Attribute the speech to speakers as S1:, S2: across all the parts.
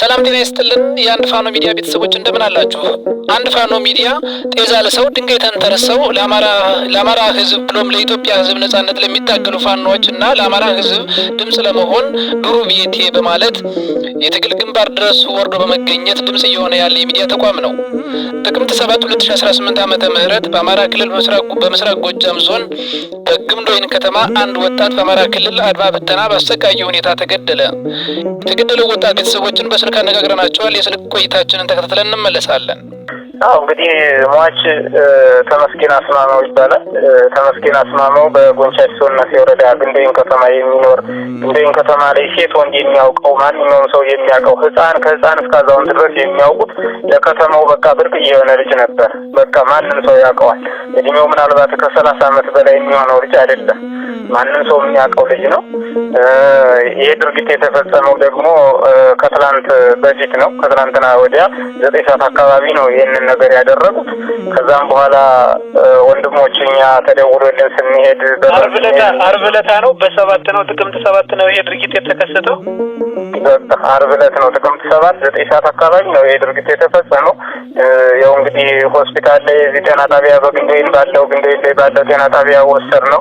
S1: ሰላም ጤና ይስጥልን። የአንድ ፋኖ ሚዲያ ቤተሰቦች እንደምን አላችሁ? አንድ ፋኖ ሚዲያ ጤዛ ለሰው ድንጋይ ተንተረሰው ለአማራ ህዝብ ብሎም ለኢትዮጵያ ህዝብ ነጻነት ለሚታገሉ ፋኖዎች እና ለአማራ ህዝብ ድምፅ ለመሆን ኑሩ ቤቴ በማለት የትግል ግንባር ድረስ ወርዶ በመገኘት ድምፅ እየሆነ ያለ የሚዲያ ተቋም ነው። ጥቅምት 7 2018 ዓ ም በአማራ ክልል በምስራቅ ጎጃም ዞን በግምዶይን ከተማ አንድ ወጣት በአማራ ክልል አድማ ብተና በአሰቃቂ ሁኔታ ተገደለ። የተገደለው ወጣት ቤተሰቦችን በስልክ አነጋግረናቸዋል። የስልክ ቆይታችንን ተከታትለን እንመለሳለን።
S2: አዎ እንግዲህ ሟች ተመስገን አስማማው ይባላል። ተመስገን አስማማው በጎንቻ ሶልነቴ የወረዳ ግንደይን ከተማ የሚኖር ግንደይን ከተማ ላይ ሴት ወንድ የሚያውቀው ማንኛውም ሰው የሚያውቀው ሕፃን ከሕፃን እስከ አዛውንት ድረስ የሚያውቁት ለከተማው በቃ ብርቅዬ የሆነ ልጅ ነበር። በቃ ማንም ሰው ያውቀዋል። እድሜው ምናልባት ከሰላሳ ዓመት በላይ የሚሆነው ልጅ አይደለም። ማንም ሰው የሚያውቀው ልጅ ነው። ይሄ ድርጊት የተፈጸመው ደግሞ ከትላንት በፊት ነው። ከትላንትና ወዲያ ዘጠኝ ሰዓት አካባቢ ነው ይህንን ነገር ያደረጉት። ከዛም በኋላ ወንድሞች እኛ ተደውሎልን ስንሄድ
S1: አርብ ዕለት ነው፣ በሰባት ነው፣ ጥቅምት ሰባት ነው ይሄ ድርጊት የተከሰተው።
S2: አርብ ዕለት ነው ጥቅምት ሰባት ዘጠኝ ሰዓት አካባቢ ነው ይሄ ድርጊት የተፈጸመው። ያው እንግዲህ ሆስፒታል ላይ እዚህ ጤና ጣቢያ በግንዶይን ባለው ግንዶይን ላይ ባለው ጤና ጣቢያ ወሰድ ነው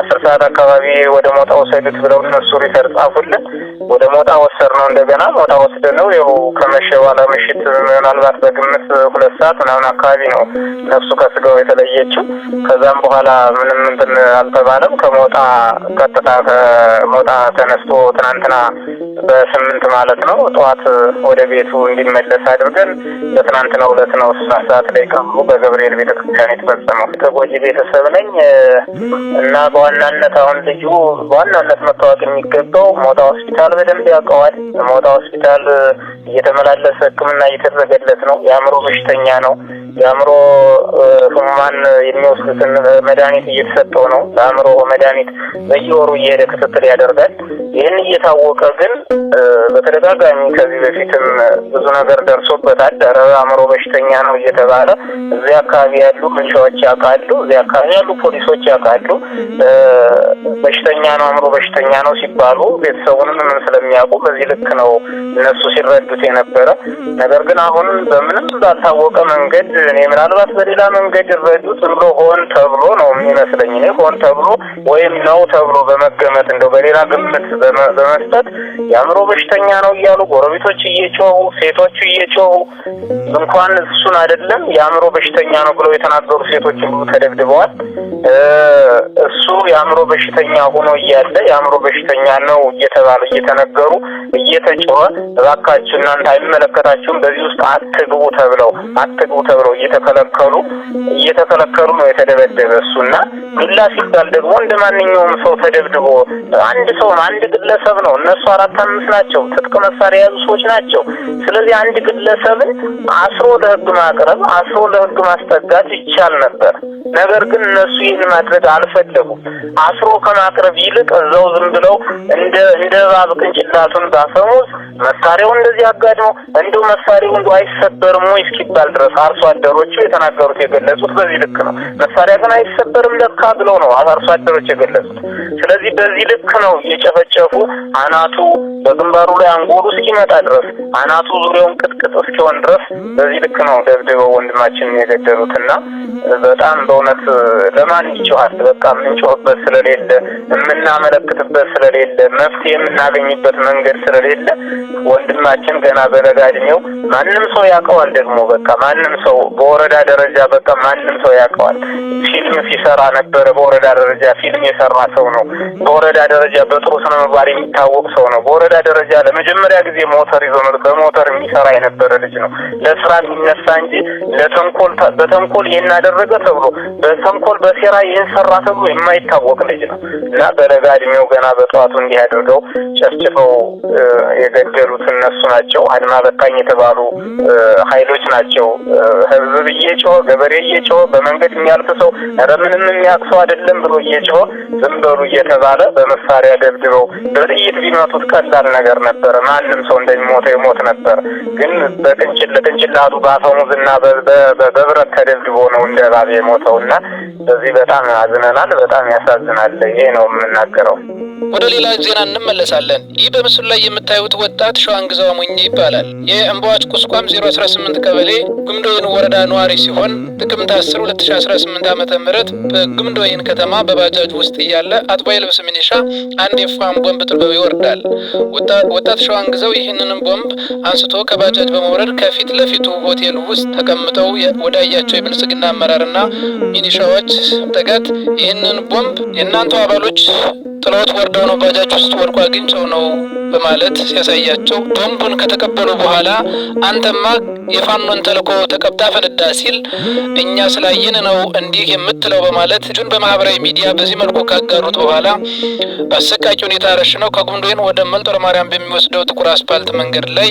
S2: አስር ሰዓት አካባቢ ወደ ሞጣ ወሰዱት ብለው እነሱ ሪፈር ጻፉ። ላኩልን። ወደ ሞጣ ወሰድ ነው እንደገና ሞጣ ወስደ ነው ያው ከመሸ በኋላ ምሽት ምናልባት በግምት ሁለት ሰዓት ምናምን አካባቢ ነው ነፍሱ ከስጋው የተለየችው። ከዛም በኋላ ምንም እንትን አልተባለም። ከሞጣ ቀጥታ ከሞጣ ተነስቶ ትናንትና በስምንት ማለት ነው። ጠዋት ወደ ቤቱ እንዲመለስ አድርገን በትናንትናው ዕለት ነው ስሳት ሰዓት ላይ ቀብሩ በገብርኤል ቤተክርስቲያን የተፈጸመው። ተጎጂ ቤተሰብ ነኝ እና በዋናነት አሁን ልዩ በዋናነት መታወቅ የሚገባው ሞጣ ሆስፒታል በደንብ ያውቀዋል። ሞጣ ሆስፒታል እየተመላለሰ ሕክምና እየተደረገለት ነው። የአእምሮ በሽተኛ ነው። የአእምሮ ህሙማን የሚወስዱትን መድኃኒት እየተሰጠው ነው። ለአእምሮ መድኃኒት በየወሩ እየሄደ ክትትል ያደርጋል። ይህን እየታወቀ ግን በተደጋጋሚ ከዚህ በፊትም ብዙ ነገር ደርሶበታል። ኧረ አእምሮ በሽተኛ ነው እየተባለ እዚህ አካባቢ ያሉ ምንሻዎች ያውቃሉ፣ እዚህ አካባቢ ያሉ ፖሊሶች ያውቃሉ። በሽተኛ ነው አእምሮ በሽተኛ ነው ሲባሉ ቤተሰቡንም ምን ስለሚያውቁ በዚህ ልክ ነው እነሱ ሲረዱት የነበረ ነገር ግን አሁን በምንም ባልታወቀ መንገድ እኔ ምናልባት በሌላ መንገድ ይረዱት ብሎ ሆን ተብሎ ነው የሚመስለኝ። እኔ ሆን ተብሎ ወይም ነው ተብሎ በመገመት እንደው በሌላ ግምት በመስጠት የአእምሮ በሽተኛ ነው እያሉ ጎረቤቶች እየጮሁ ሴቶቹ እየጮሁ እንኳን እሱን አይደለም የአእምሮ በሽተኛ ነው ብለው የተናገሩ ሴቶች ሁሉ ተደብድበዋል። እሱ የአእምሮ በሽተኛ ሆኖ እያለ የአእምሮ በሽተኛ ነው እየተባሉ እየተነገሩ እየተጮኸ እባካችሁ እናንተ አይመለከታችሁም በዚህ ውስጥ አትግቡ ተብለው አትግቡ ተብለው እየተከለከሉ እየተከለከሉ ነው የተደበደበ እሱና ዱላ ሲባል ደግሞ እንደ ማንኛውም ሰው ተደብድቦ አንድ ሰው አንድ ግለሰብ ነው እነሱ አራት አምስት ናቸው። ትጥቅ መሳሪያ የያዙ ሰዎች ናቸው። ስለዚህ አንድ ግለሰብን አስሮ ለህግ ማቅረብ፣ አስሮ ለህግ ማስጠጋት ይቻል ነበር። ነገር ግን እነሱ ይህን ማድረግ አልፈለጉም። አስሮ ከማቅረብ ይልቅ እዛው ዝም ብለው እንደ እንደ እባብ ቅንጭላቱን ባፈሙዝ መሳሪያው እንደዚህ አጋድሞ እንደው መሳሪያው እንደው አይሰበርም ወይ እስኪባል ድረስ አርሶ አደሮቹ የተናገሩት የገለጹት በዚህ ልክ ነው። መሳሪያ ግን አይሰበርም ለካ ብለው ነው አርሶ አደሮች የገለጹት። ስለዚህ በዚህ ልክ ነው የጨፈጨፉ አናቱ በግንባሩ ላይ አንጎሉ እስኪመጣ ድረስ አናቱ ዙሪያውን ቅጥቅጥ እስኪሆን ድረስ በዚህ ልክ ነው ደብድበው ወንድማችንን የገደሉትና በጣም በእውነት ለማን ይጮሃል? በቃ የምንጮህበት ስለሌለ የምናመለክትበት ስለሌለ መፍትሄ የምናገኝበት መንገድ ስለሌለ ወንድማችን ገና በለጋ ዕድሜው ማንም ሰው ያውቀዋል። ደግሞ በቃ ማንም ሰው በወረዳ ደረጃ በቃ ማንም ሰው ያውቀዋል። ፊልም ሲሰራ ነበረ። በወረዳ ደረጃ ፊልም የሰራ ሰው ነው። በወረዳ ደረጃ በጥሩ ስነ ምግባር የሚታወቅ ሰው ነው። በወረዳ ደረጃ ለመጀመሪያ ጊዜ ሞተር ይዞ በሞተር የሚሰራ የነበረ ልጅ ነው። ለስራ የሚነሳ እንጂ ለተንኮል በተንኮል የና አደረገ ተብሎ በተንኮል በሴራ ይህን ሰራ ተብሎ የማይታወቅ ልጅ ነው እና በለጋ እድሜው ገና በጠዋቱ እንዲህ አድርገው ጨፍጭፈው የገደሉት እነሱ ናቸው። አድማ በታኝ የተባሉ ኃይሎች ናቸው። ህዝብ እየጮኸ ገበሬ እየጮኸ በመንገድ የሚያልፍ ሰው ኧረ ምንም የሚያቅሰው አይደለም ብሎ እየጮኸ ዝም በሉ እየተባለ በመሳሪያ ደብድበው በጥይት ቢመቱት ቀላል ነገር ነበረ። ማንም ሰው እንደሚሞተ ይሞት ነበር። ግን በቅንጭል ቅንጭላቱ በአፈሙዝና በብረት ተደብድቦ ነው እንደ እባብ የሞተውና በዚህ በጣም አዝነናል። በጣም ያሳዝናል። ይሄ ነው የምናገረው።
S1: ወደ ሌላ ዜና እንመለሳለን። ይህ በምስሉ ላይ የምታዩት ወጣት ሸዋንግዛው ሙኝ ይባላል። የእምባዋጭ ቁስቋም 018 ቀበሌ ጉምዶይን ወረዳ ነዋሪ ሲሆን ጥቅምት 10 2018 ዓ ም በጉምዶይን ከተማ በባጃጅ ውስጥ እያለ አጥባይ ልብስ ሚኒሻ አንድ የፋም ቦምብ ጥሎ ይወርዳል። ወጣት ሸዋንግዛው ይህንንም ቦምብ አንስቶ ከባጃጅ በመውረድ ከፊት ለፊቱ ሆቴል ውስጥ ተቀምጠው ወዳያቸው የብልጽግና አመራርና ሚኒሻዎች ጥቀት ይህንን ቦምብ የእናንተው አባሎች ጥሎት ወርደ በወደሆነ ባጃጅ ውስጥ ወድቆ አግኝቼው ነው በማለት ሲያሳያቸው ቦምቡን ከተቀበሉ በኋላ አንተማ የፋኖን ተልኮ ተቀብታ ፈነዳ ሲል እኛ ስላየን ነው እንዲህ የምትለው በማለት እጁን በማህበራዊ ሚዲያ በዚህ መልኩ ካጋሩት በኋላ በአሰቃቂ ሁኔታ ረሽነው ከጉንዶይን ወደ መልጦለ ማርያም በሚወስደው ጥቁር አስፓልት መንገድ ላይ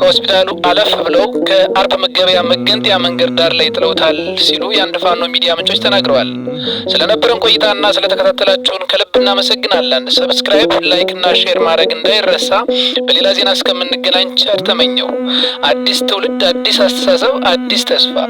S1: ከሆስፒታሉ አለፍ ብለው ከአርብ መገበያ መገንጠያ መንገድ ዳር ላይ ጥለውታል ሲሉ የአንድ ፋኖ ሚዲያ ምንጮች ተናግረዋል። ስለነበረን ቆይታና ስለተከታተላችሁን ከልብ እናመሰግናለን። ሰብስክራይብ፣ ላይክ እና ሼር ማድረግ እንዳይረሳ። በሌላ ዜና እስከምንገናኝ ቸር ተመኘው አዲስ ትውልድ፣ አዲስ አስተሳሰብ፣ አዲስ ተስፋ